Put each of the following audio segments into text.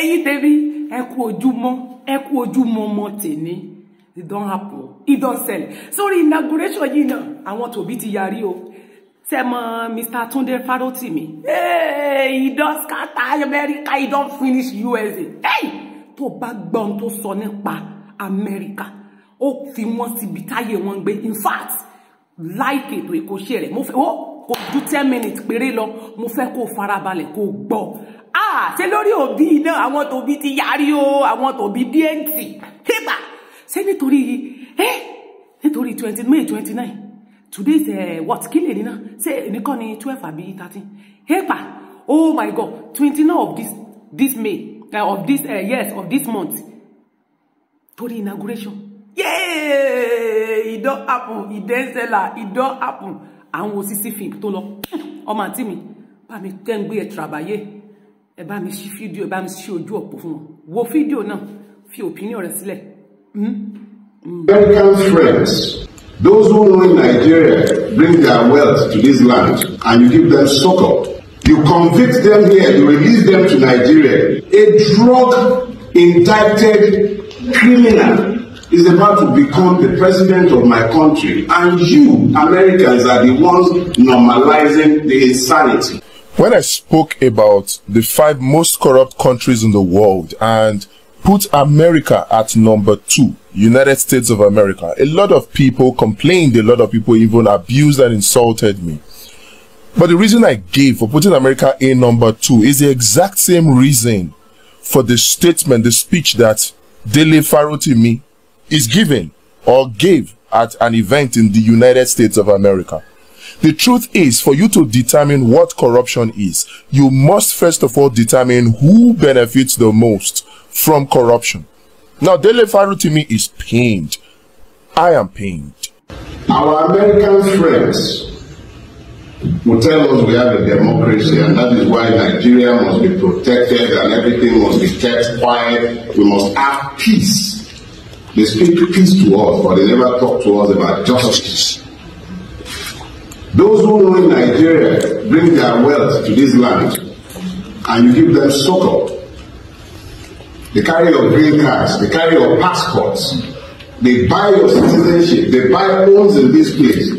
ẹ̀yin tèmi ẹ kú ojúmọ́ ẹ kú ojúmọ́ mọ́ tèmi it don happen it sell sórí inauguration yìí náà àwọn tòbí ti yarí o tẹmọ mr tunde farotimi hey, he don scatter america he don finish usa hey! tó bá gbọ́ ohun tó sọ nípa amẹ́ríkà ó fi wọ́n síbi táyé wọn gbé in fact láìpẹ́ ètò ìkọ́ṣẹ́ rẹ̀ mo fẹ́ wọ́n kò ju ten minutes péré lọ mo fẹ́ kó farabalẹ̀ kó gbọ́ ah ṣe lórí òbí náà àwọn tòbí ti yarí o àwọn tòbí bíẹ́ǹtì hébà ṣé nítorí ẹ nítorí twenty may twenty nine today is uh, what kí lè nínà ṣé nìkan ni twelve àbí thirteen hébà oh my god twenty nine of this this may uh, of this uh, yes of this month torí inauguration yeee e don happen e dey seller e don happen à ń wo fi tó lọ ọmọ àǹtí mi bá mi kẹ́ńgbé ẹ̀ tìràbàyè ẹ bá mi ṣí fídíò ẹ bá mi ṣí ojú ọ̀pọ̀ fún wọn wo fídíò náà fi opinion rẹ sílẹ̀. Hmm? Hmm. American friends, those who run Nigeria bring their wealth to this land and you give them succor. You convict them here, you release them to Nigeria. A drug-indicted criminal is about to become the president of my country, and you, Americans, are the ones normalizing the insanity. When I spoke about the five most corrupt countries in the world and put America at number two, United States of America, a lot of people complained, a lot of people even abused and insulted me. But the reason I gave for putting America in number two is the exact same reason for the statement, the speech that Dele me is given or gave at an event in the United States of America. The truth is, for you to determine what corruption is, you must first of all determine who benefits the most from corruption. Now, Dele Farutimi is pained. I am pained. Our American friends will tell us we have a democracy, and that is why Nigeria must be protected and everything must be kept quiet. We must have peace. They speak peace to us, but they never talk to us about justice. Those who rule Nigeria bring their wealth to this land, and you give them succor. They carry your green cards, they carry your passports, they buy your citizenship, they buy homes in this place.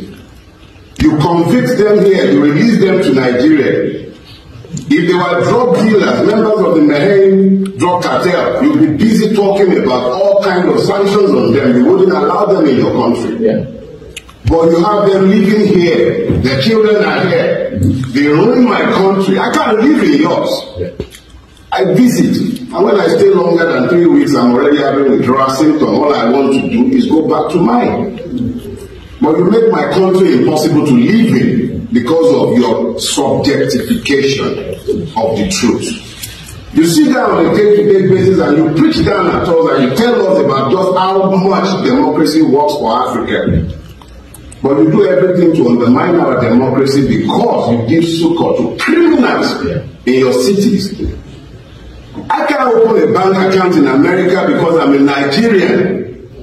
You convict them here, you release them to Nigeria, If they were drug dealers, members of the Mahane drug cartel, you'd be busy talking about all kinds of sanctions on them. You wouldn't allow them in your country. Yeah. But you have them living here. Their children are here. They ruin my country. I can't live in yours. Yeah. I visit, and when I stay longer than three weeks, I'm already having withdrawal symptoms. All I want to do is go back to mine. But you make my country impossible to live in because of your subjectification of the truth. You sit down on a day-to-day basis and you preach down at us and you tell us about just how much democracy works for Africa. But you do everything to undermine our democracy because you give succor to criminals in your cities. I can't open a bank account in America because I'm a Nigerian.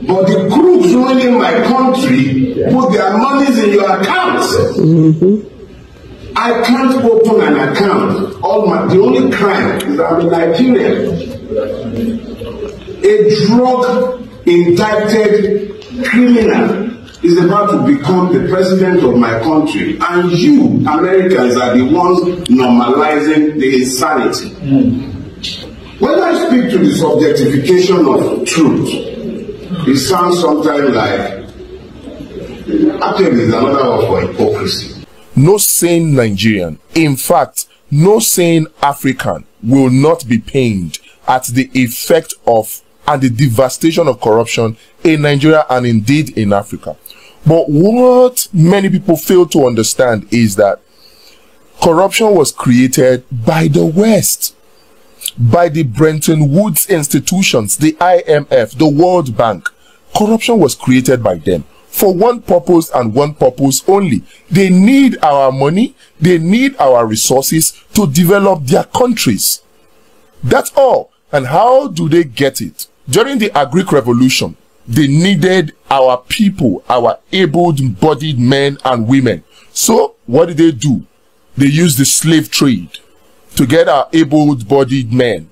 But the crooks ruling my country put their money in your account. Mm-hmm. I can't open an account. All my the only crime is I'm a Nigerian. A drug indicted criminal is about to become the president of my country and you Americans are the ones normalizing the insanity. Mm. When I speak to the subjectification of truth, It sounds sometimes like actually is another word for hypocrisy. No sane Nigerian, in fact, no sane African will not be pained at the effect of and the devastation of corruption in Nigeria and indeed in Africa. But what many people fail to understand is that corruption was created by the West, by the Bretton Woods institutions, the IMF, the World Bank, Corruption was created by them for one purpose and one purpose only. They need our money, they need our resources to develop their countries. That's all. And how do they get it? During the Greek Revolution, they needed our people, our able-bodied men and women. So what did they do? They used the slave trade to get our able-bodied men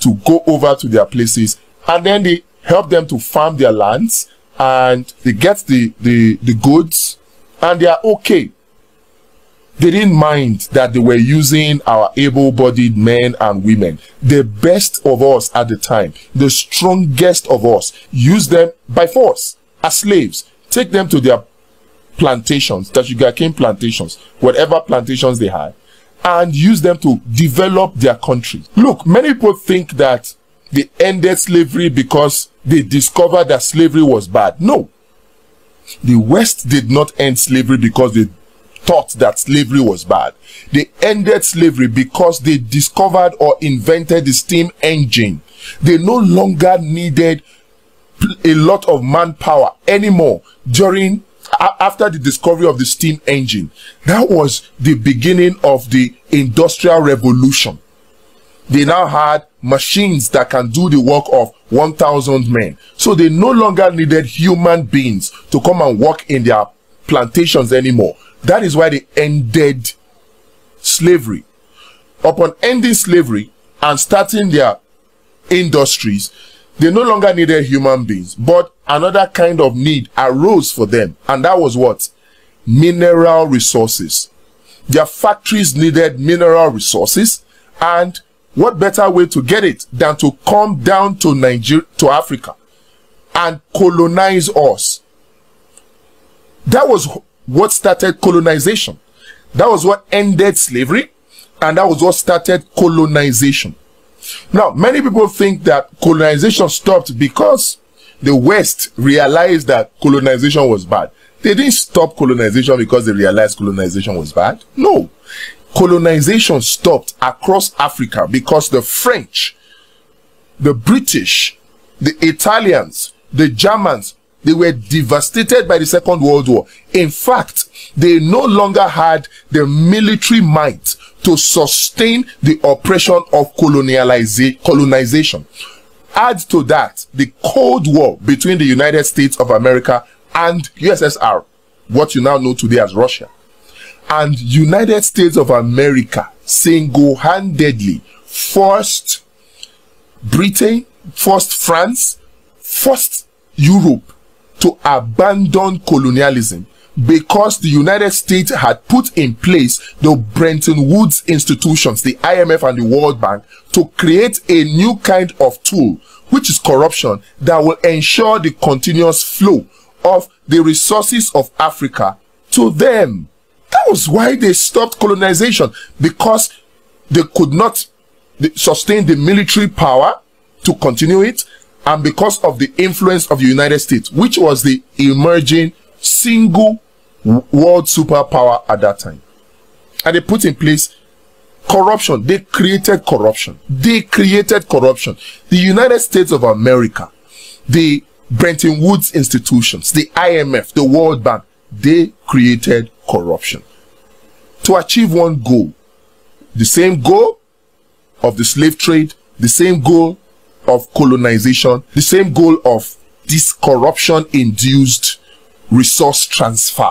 to go over to their places and then they help them to farm their lands and they get the, the, the goods and they are okay. They didn't mind that they were using our able-bodied men and women. The best of us at the time, the strongest of us, use them by force as slaves. Take them to their plantations, the sugarcane plantations, whatever plantations they had, and use them to develop their country. Look, many people think that they ended slavery because they discovered that slavery was bad. No. The West did not end slavery because they thought that slavery was bad. They ended slavery because they discovered or invented the steam engine. They no longer needed a lot of manpower anymore during after the discovery of the steam engine. That was the beginning of the industrial revolution. They now had machines that can do the work of 1,000 men. So they no longer needed human beings to come and work in their plantations anymore. That is why they ended slavery. Upon ending slavery and starting their industries, they no longer needed human beings, but another kind of need arose for them, and that was what? Mineral resources. Their factories needed mineral resources, and what better way to get it than to come down to Nigeria, to Africa and colonize us? That was what started colonization. That was what ended slavery and that was what started colonization. Now, many people think that colonization stopped because the West realized that colonization was bad. They didn't stop colonization because they realized colonization was bad. No colonization stopped across Africa because the French, the British, the Italians, the Germans, they were devastated by the Second World War. In fact, they no longer had the military might to sustain the oppression of colonization. Add to that the Cold War between the United States of America and USSR, what you now know today as Russia. and United States of America single-handedly forced Britain, forced France, forced Europe to abandon colonialism because the United States had put in place the Bretton Woods institutions, the IMF and the World Bank, to create a new kind of tool, which is corruption, that will ensure the continuous flow of the resources of Africa to them. That was why they stopped colonization because they could not sustain the military power to continue it and because of the influence of the United States, which was the emerging single world superpower at that time. And they put in place corruption. They created corruption. They created corruption. The United States of America, the Bretton Woods institutions, the IMF, the World Bank, they created corruption. To achieve one goal, the same goal of the slave trade, the same goal of colonization, the same goal of this corruption induced resource transfer.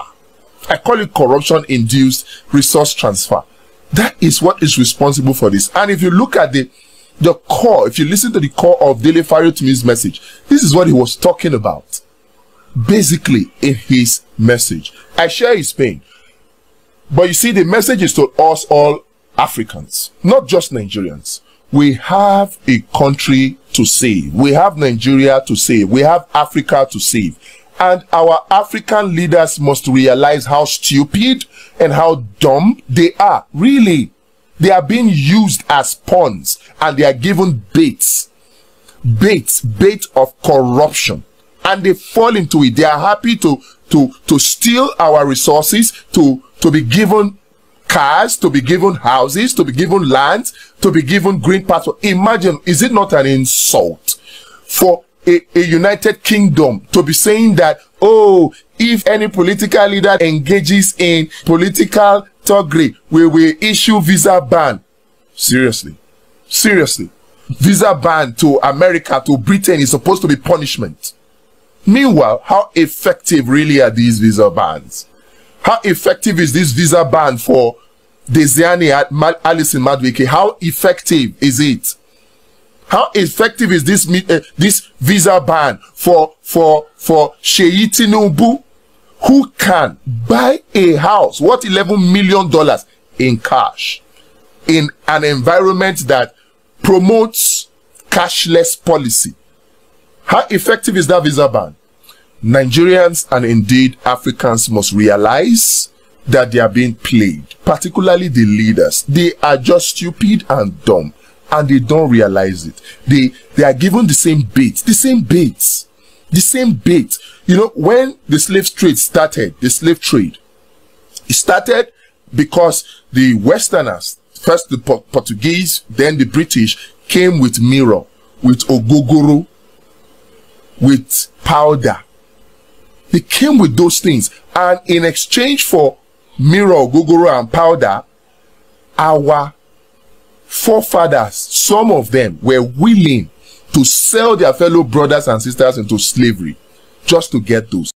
I call it corruption induced resource transfer. That is what is responsible for this. And if you look at the the core, if you listen to the core of Dele Fariotumi's message, this is what he was talking about basically in his message. I share his pain. But you see, the message is to us all Africans, not just Nigerians. We have a country to save. We have Nigeria to save. We have Africa to save. And our African leaders must realize how stupid and how dumb they are. Really, they are being used as pawns and they are given baits. Baits, bait of corruption and they fall into it. They are happy to, to, to steal our resources, to, to be given cars, to be given houses, to be given lands, to be given green passport. Imagine, is it not an insult for a, a, United Kingdom to be saying that, oh, if any political leader engages in political thuggery, we will issue visa ban. Seriously. Seriously. Visa ban to America, to Britain is supposed to be punishment. Meanwhile, how effective really are these visa bans? How effective is this visa ban for Desiani at Alison Madwike? How effective is it? How effective is this uh, this visa ban for for for Sheyi Tinubu, who can buy a house worth 11 million dollars in cash, in an environment that promotes cashless policy? How effective is that visa ban? Nigerians and indeed Africans must realize that they are being played, particularly the leaders. They are just stupid and dumb and they don't realize it. They, they are given the same bait, the same bait, the same bait. You know, when the slave trade started, the slave trade, it started because the Westerners, first the Portuguese, then the British came with mirror, with ogogoro, with powder. They came with those things. And in exchange for mirror, gogoro, and powder, our forefathers, some of them were willing to sell their fellow brothers and sisters into slavery just to get those.